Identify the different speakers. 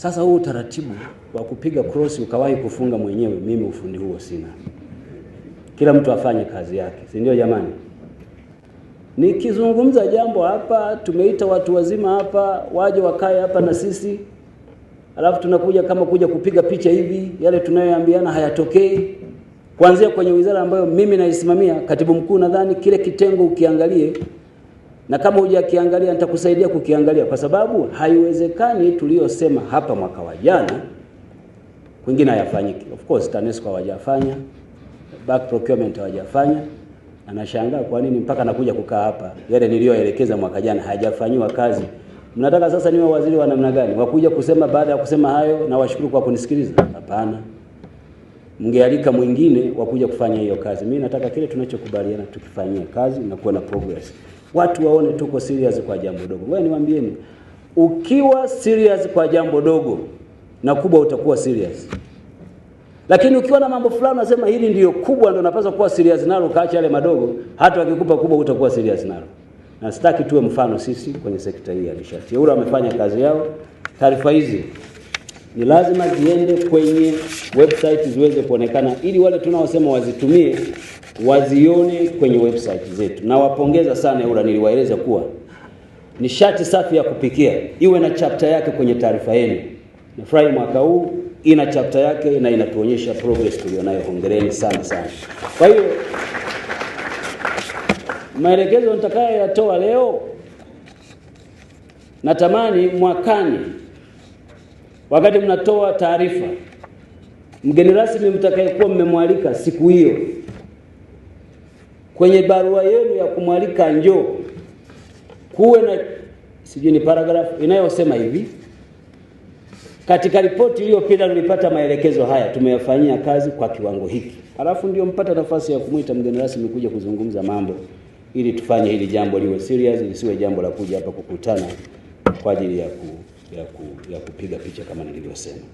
Speaker 1: Sasa huu utaratibu wa kupiga cross ukawahi kufunga mwenyewe, mimi ufundi huo sina. Kila mtu afanye kazi yake, si ndio jamani? Nikizungumza jambo hapa, tumeita watu wazima hapa waje wakae hapa na sisi, alafu tunakuja kama kuja kupiga picha hivi, yale tunayoambiana hayatokei. Kuanzia kwenye wizara ambayo mimi naisimamia, katibu mkuu, nadhani kile kitengo ukiangalie na kama hujakiangalia nitakusaidia kukiangalia, kwa sababu haiwezekani tuliyosema hapa mwaka wa jana kwingine hayafanyiki. Of course TANESCO hawajafanya, back procurement hawajafanya. Anashangaa kwa nini mpaka nakuja kukaa hapa, yale niliyoelekeza mwaka jana hajafanyiwa kazi. Mnataka sasa niwe waziri wa namna gani? Wakuja kusema baada ya kusema hayo na washukuru kwa kunisikiliza? Hapana, mngealika mwingine wakuja kufanya hiyo kazi. Mimi nataka kile tunachokubaliana tukifanyia kazi na kuwa na progress watu waone tuko serious kwa jambo dogo. Wewe niwaambieni, ukiwa serious kwa jambo dogo na kubwa utakuwa serious, lakini ukiwa na mambo fulani unasema hili ndio kubwa, ndio napaswa kuwa serious nalo, kaacha yale madogo, hata wakikupa kubwa utakuwa serious nalo. Na sitaki tuwe mfano sisi kwenye sekta hii ya nishati. EWURA amefanya kazi yao, taarifa hizi ni lazima ziende kwenye website ziweze kuonekana, ili wale tunaosema wazitumie wazione kwenye website zetu. Nawapongeza sana EWURA, niliwaeleza kuwa nishati safi ya kupikia iwe na chapta yake kwenye taarifa yenu. Nafurahi mwaka huu ina chapta yake na inatuonyesha progress tulionayo. Hongereni sana sana. Kwa hiyo maelekezo nitakayoyatoa leo, natamani mwakani wakati mnatoa taarifa, mgeni rasmi mtakayekuwa mmemwalika siku hiyo, kwenye barua yenu ya kumwalika njoo, kuwe na sijui ni paragrafu inayosema hivi: katika ripoti iliyopita tulipata maelekezo haya, tumeyafanyia kazi kwa kiwango hiki. alafu ndio mpata nafasi ya kumwita mgeni rasmi kuja kuzungumza mambo, ili tufanye hili jambo liwe serious, lisiwe jambo la kuja hapa kukutana kwa ajili ya ku ya, ku, ya kupiga picha kama nilivyosema.